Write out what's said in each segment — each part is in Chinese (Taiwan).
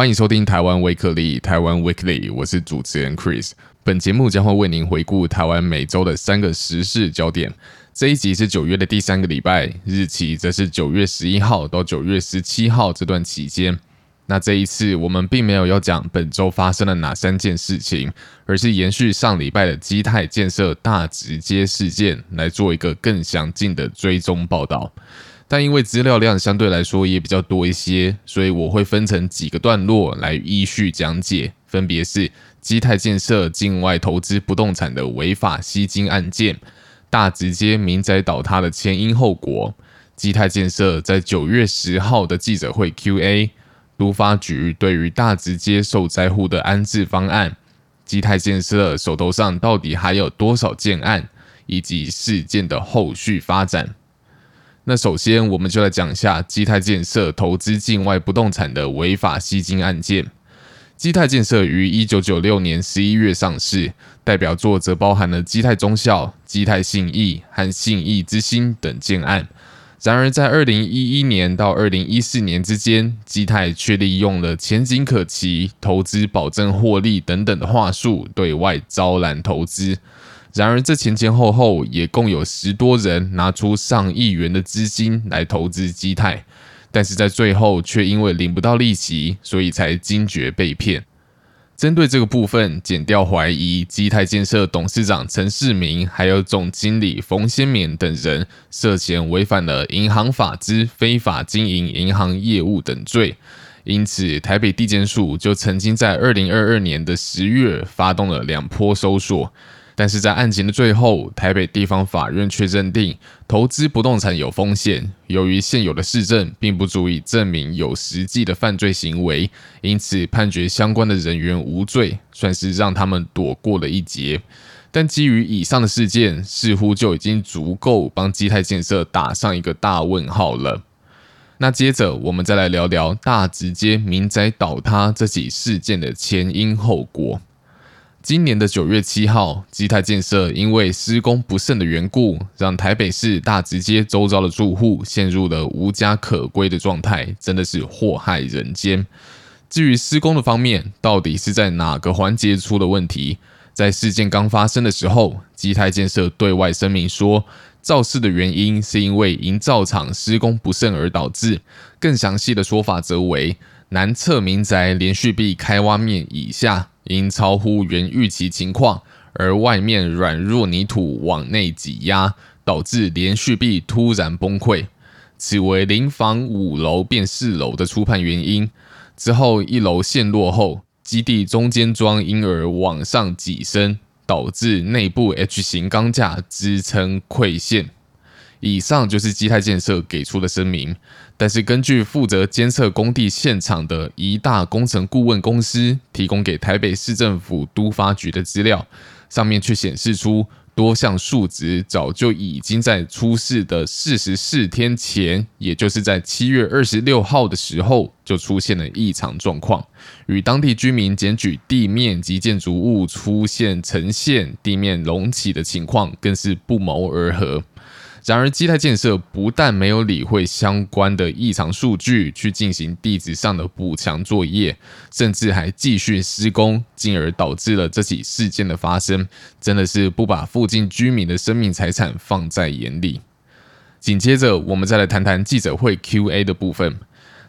歡迎收聽《台灣 Weekly》，台灣 Weekly，我是主持人 Chris。本節目將會為您回顧台灣每周的三個時事焦點。這一集是九月的第三個禮拜，日期則是九月十一號到九月十七號這段期間。那這一次我們並沒有要講本周發生了哪三件事情，而是延續上禮拜的基泰建設大直街事件，來做一個更詳盡的追蹤報道。但因為資料量相對來說也比較多一些，所以我會分成幾個段落來依序講解，分別是基泰建設境外投資不動產的違法吸金案件、大直街民宅倒塌的前因後果、基泰建設在九月十號的記者會 QA、都發局對於大直街受災戶的安置方案、基泰建設手頭上到底還有多少建案，以及事件的後續發展。那首先，我們就來講一下基泰建設投資境外不動產的違法吸金案件。基泰建設於一九九六年十一月上市，代表作則包含了基泰忠孝、基泰信義和信義之星等建案。然而，在二零一一年到二零一四年之間，基泰卻利用了前景可期、投資保證獲利等等的話術對外招攬投資。然而，這前前後後也共有十多人拿出上億元的資金來投資基泰，但是在最後卻因為領不到利息，所以才驚覺被騙。針對這個部分，檢調懷疑基泰建設董事長陳世明還有總經理馮先勉等人涉嫌違反了《銀行法》之非法經營銀行業務等罪，因此台北地檢署就曾經在二零二二年的十月發動了兩波搜索。但是在案情的最後，台北地方法院卻認定投資不動產有風險，由於現有的市政並不足以證明有實際的犯罪行為，因此判決相關的人員無罪，算是讓他們躲過了一劫。但基於以上的事件，似乎就已經足夠幫基泰建設打上一個大問號了。那接着我們再來聊聊大直街民宅倒塌這起事件的前因後果。今年的九月七號，基泰建設因為施工不慎的緣故，讓台北市大直街周遭的住戶陷入了無家可歸的狀態，真的是禍害人間。至於施工的方面，到底是在哪個環節出了問題？在事件剛發生的時候，基泰建設對外聲明說，肇事的原因是因為營造廠施工不慎而導致。更詳細的說法則為南側民宅連續壁開挖面以下。因超乎原預期情況，而外面軟弱泥土往內擠壓，導致連續壁突然崩潰。此為臨房五樓變四樓的初判原因。之後一樓陷落後，基地中間樁因而往上擠升，導致內部 H 型鋼架支撐潰陷。以上就是基泰建設給出的聲明，但是根據負責監測工地現場的一大工程顧問公司提供給台北市政府都發局的資料，上面卻顯示出多項數值早就已經在出事的四十四天前，也就是在七月二十六號的時候就出現了異常狀況，與當地居民檢舉地面及建築物出現呈現地面隆起的情況更是不謀而合。然而，基泰建設不但沒有理會相關的異常數據，去進行地質上的補強作業，甚至還繼續施工，進而導致了這起事件的發生。真的是不把附近居民的生命財產放在眼裡。緊接着，我們再來談談記者會 QA 的部分。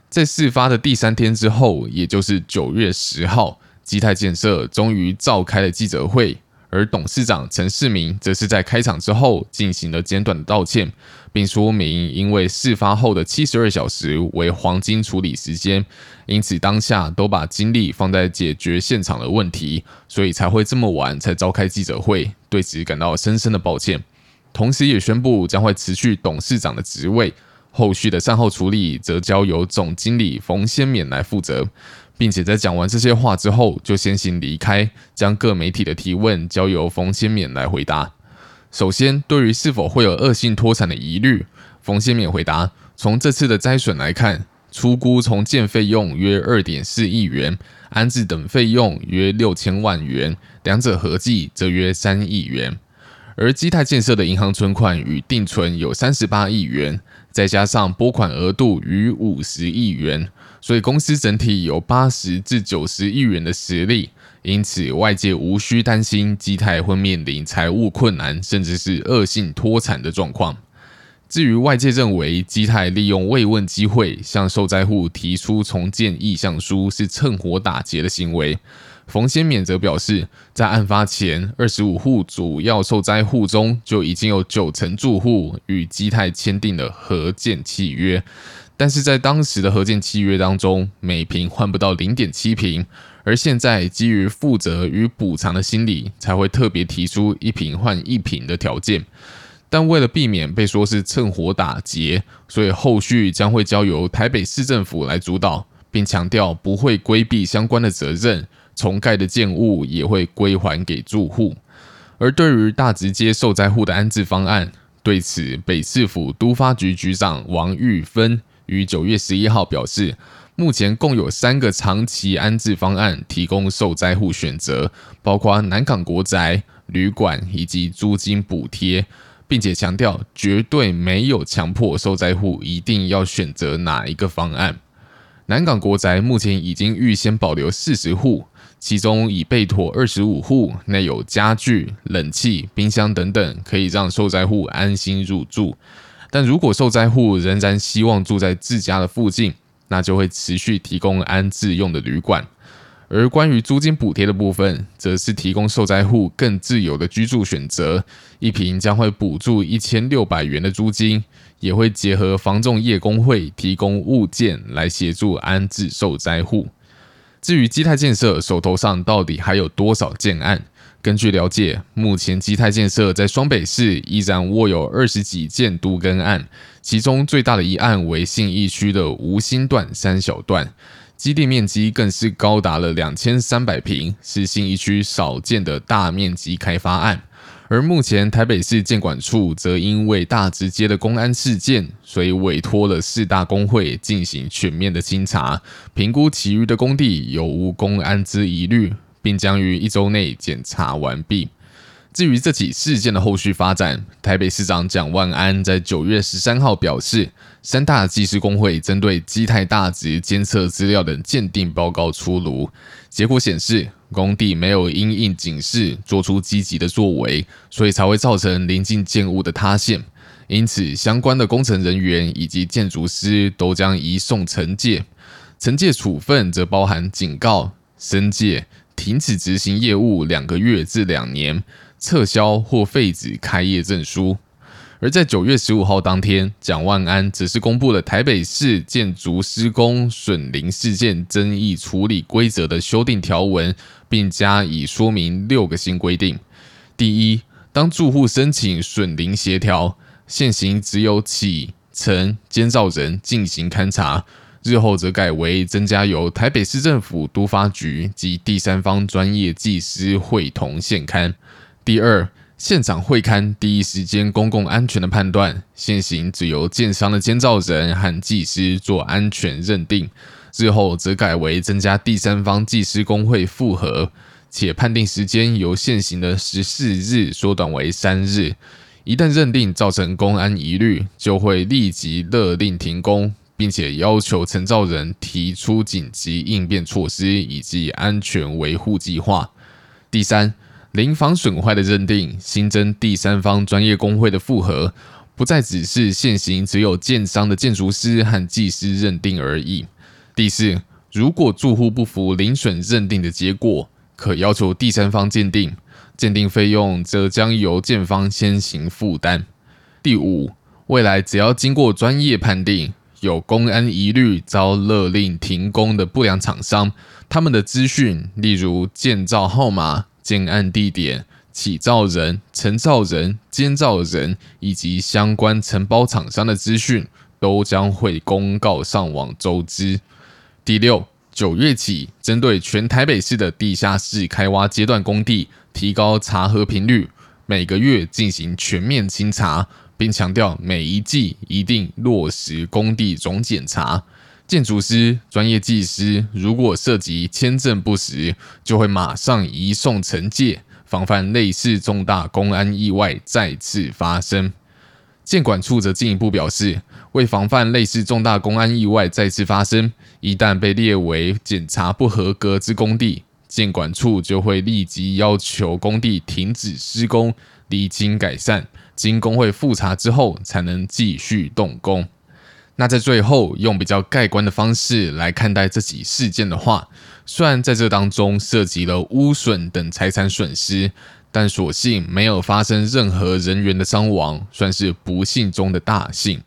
在事發的第三天之後，也就是九月十號，基泰建設終於召開了記者會。而董事長陳世明則是在開場之後進行了簡短，短的道歉，並說明因為事發後的七十二小時為黃金處理時間，因此當下都把精力放在解決現場的問題，所以才會這麼晚才召開記者會，對此感到深深的抱歉。同時，也宣布將會辭去董事長的職位，後續的善後處理則交由總經理馮先勉來負責。並且在講完這些話之後，就先行離開，將各媒體的提問交由馮先勉來回答。首先，對於是否會有惡性脫產的疑慮，馮先勉回答：從這次的災損來看，初估重建費用約二點四億元，安置等費用約六千萬元，兩者合計則約三億元。而基泰建設的銀行存款與定存有三十八億元，再加上撥款額度逾五十億元，所以公司整體有八十至九十億元的實力，因此外界無需擔心基泰會面臨財務困難，甚至是惡性脫產的狀況。至於外界認為基泰利用慰問機會向受災戶提出重建意向書是趁火打劫的行為。馮先勉則表示，在案發前，二十五戶主要受災戶中，就已經有九成住戶與基泰簽訂了合建契約，但是在當時的合建契約當中，每坪換不到零點七坪，而現在基於負責與補償的心理，才會特別提出一坪換一坪的條件，但為了避免被說是趁火打劫，所以後續將會交由台北市政府來主導，並強調不會規避相關的責任。重蓋的建物也會歸還給住戶，而對於大直街受災戶的安置方案，對此北市府都發局局長王玉芬於九月十一號表示，目前共有三個長期安置方案提供受災戶選擇，包括南港國宅、旅館以及租金補貼，並且強調絕對沒有強迫受災戶一定要選擇哪一個方案。南港國宅目前已經預先保留四十戶，其中已備妥二十五戶，內有家具、冷氣、冰箱等等，可以讓受災戶安心入住。但如果受災戶仍然希望住在自家的附近，那就會持續提供安置用的旅館。而關於租金補貼的部分，則是提供受災戶更自由的居住選擇，一坪將會補助一千六百元的租金，也會結合房仲業工會提供物件來協助安置受災戶。至於基泰建設手頭上到底還有多少建案？根據了解，目前基泰建設在雙北市依然握有二十幾件都更案，其中最大的一案為信義區的吳興段三小段。基地面積更是高達了兩千三百坪，是新一區少見的大面積開發案。而目前台北市建管處則因為大直街的公安事件，所以委託了四大工會進行全面的清查，評估其餘的工地有無公安之疑慮，並將於一週內檢查完畢。至於這起事件的後續發展，台北市長蔣萬安在九月十三號表示，三大技師公會針對基泰大直監測資料等鑑定報告出爐，結果顯示工地沒有因應警示做出積極的作為，所以才會造成鄰近建物的塌陷。因此，相關的工程人員以及建築師都將移送懲戒，懲戒處分則包含警告、申誡、停止執行業務兩個月至兩年。撤銷或廢止開業證書。而在九月十五號當天，蔣萬安則是公布了台北市建築施工損鄰事件爭議處理規則的修訂條文，並加以說明六個新規定。第一，當住戶申請損鄰協調，現行只有起、承、監造人進行勘查，日後則改為增加由台北市政府都發局及第三方專業技師會同現勘。第二，現場會勘第一時間公共安全的判斷，現行只由建商的監造人和技師做安全認定，日後則改為增加第三方技師工會複核，且判定時間由現行的十四日縮短為三日。一旦認定造成公安疑慮，就會立即勒令停工，並且要求承造人提出緊急應變措施以及安全維護計劃。第三。臨房損壞的認定，新增第三方專業公會的複核，不再只是現行只有建商的建築師和技師認定而已。第四，如果住戶不服鄰損認定的結果，可要求第三方鑑定，鑑定費用則將由建方先行負擔。第五，未來只要經過專業判定有工安疑慮遭勒,勒令停工的不良廠商，他們的資訊，例如建造號碼。建案地點、起造人、承造人、監造人以及相關承包廠商的資訊，都將會公告上網周知。第六，九月起，針對全台北市的地下室開挖階段工地，提高查核頻率，每個月進行全面清查，並強調每一季一定落實工地總檢查。建築師、專業技師，如果涉及簽證不實，就會馬上移送懲戒，防範類似重大公安意外再次發生。建管處則進一步表示，為防範類似重大公安意外再次發生，一旦被列為檢查不合格之工地，建管處就會立即要求工地停止施工，釐清改善，經工會複查之後，才能繼續動工。那在最後用比較蓋棺的方式來看待這起事件的話，雖然在這當中涉及了污損等財產損失，但所幸沒有發生任何人員的傷亡，算是不幸中的大幸。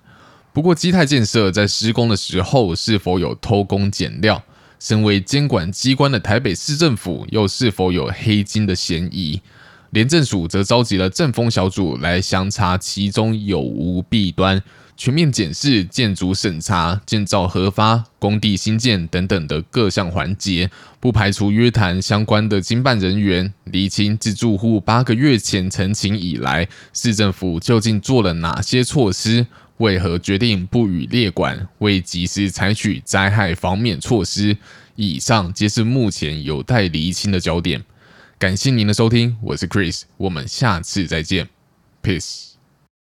不過，基泰建設在施工的時候是否有偷工減料？身為監管機關的台北市政府又是否有黑金的嫌疑？廉政署則召集了政風小組來詳查其中有無弊端。全面檢視建築審查、建造核發、工地新建等等的各項環節，不排除約談相關的經辦人員，釐清自住戶八個月前陳情以來，市政府究竟做了哪些措施，為何決定不予列管，未及時採取災害防免措施。以上皆是目前有待釐清的焦點。感謝您的收聽，我是 Chris，我們下次再見，Peace。